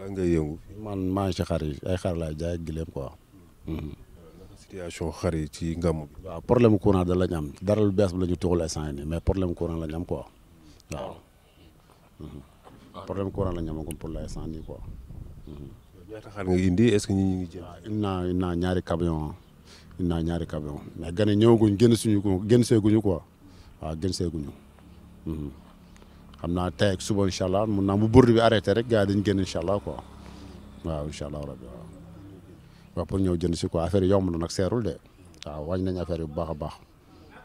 lan ngay yëngu. man maa ngi ci xar yi ay xar laay jaay ak gileem quoi. Hmm. Hmm. situation xar yi ci ngamu bi. waaw problème courant da lañ am dara lu bees bi la ñu tuxul instant nii mais problème courant la ñu am quoi waaw. Hmm. problème courant la ñu amagum pour l'instant nii quoi. ñaata xar nga indi est-ce que ñi ngi jël. waaw indi naa indi naa ñaari camion indi naa ñaari camion mais gane ñëwaguñ génn suñu génn seeguñu quoi waaw génn seeguñu. xam naa tey ak suba incha allah mun naa bu burd bi arrêté rek gars yi dañ génn allah quoi waaw incha allah rabbi waaw waaw pour ñëw jënd si ko affaire yi yomb na nag seerul de waaw wàññi nañ affaire yi bu baax a baax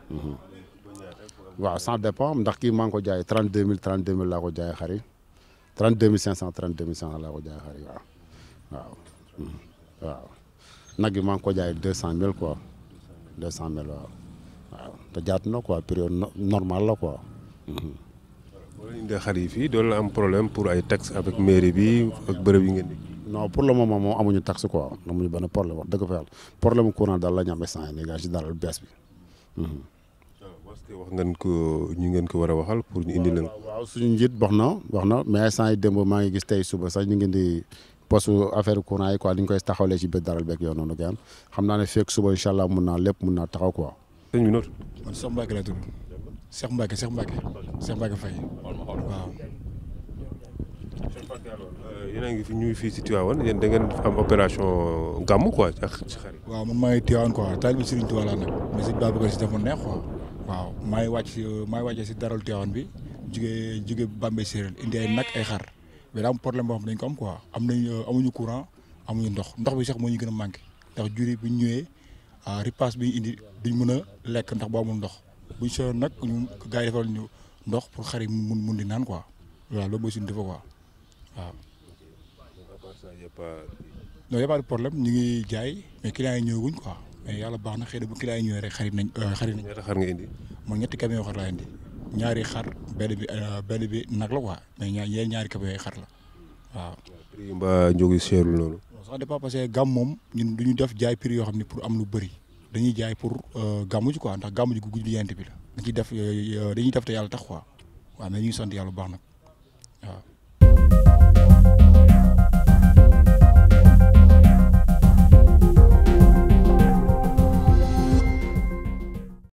mhm. waaw ça dépend ndax kii maa ngi ko jaayee trente deux mille trente deux mille laa ko jaayee xar yi trente deux mille cinq cent trente deux mille cinq laa ko jaayee xar yi mhm. waaw nag yi maa ngi ko jaayee deux cent mille quoi deux cent mille waaw waaw te jaatu na quoi période normal la quoi. Mhm. boo leen xar yi fii doo la am problème pour ay taxe avec mairie bi yi ngeen di. non pour le moment moom amuñu taxe quoi amuñu benn problème wax dëgg fa yàlla problème courant daal la ñu am instant yii nii ci daal bees bi. Mhm. waaw wax ngeen ko ñu ngeen ko war a waxal pour ñu indi leen. waaw suñu njiit wax na wax na mais instant yii maa ngi gis tey suba sax ñu ngi di poste affaire courant yi quoi ni ñu koy taxawlee ci biir daral beeg yow noonu gaan xam naa ne fekk suba incha allah mun naa lépp mun naa taxaw ko sëñ Cheikh Mbacke Cheikh Mbacke Cheikh Mbacke Faye waaw. Euh, yéen a ngi fi ñuy fii si Tivaouane yéen da ngeen am opération gàmm quoi waaw man maa ngi Tivaouane quoi taalibe Serigne Touba laa nag mais sëñ Babacar si dafa neex quoi. waaw maa ngi wàcc maa si daral Tivaouane bi jugee jugee Bambey Séeréer indi ay nag ay xar mais problème boo xam ne dañ ko am quoi am nañ euh, amuñu courant amuñu ndox ndox bi sax moo ñu gën a manqué ndax jur bi bu ñu ñëwee ah, ripaas bi indi duñ mën a lekk ndax boo amul ndox. bu ñu soxla nag ñu gaa yi defal ñu ndox pour xar yi mun mun di naan quoi waaw loolu mooy suñu defa quoi waaw. non y a pas de ñu ngi jaay mais yi ñëwaguñ quoi yàlla baax na xëy na bu clients yi ñëwee rek xarit nañ euh, xarit nañ. ñaata xar nga indi. man ñetti camion xar laa indi ñaari xar benn bi euh, benn bi nag la quoi mais ñaar ñaari ñaari camion xar la waaw. prix yi mbaa njóg yi seerul noonu. sax dafa passé gàmm moom du ñu def jaay prix yoo xam ne pour am lu bëri. dañuy jaay pour euh, gàmmu ji quoi ndax gàmmu ji gu guddi bi la dañuy def euh, euh, dañuy def te yàlla tax quoi waaw mais ñu ngi yàlla baax nag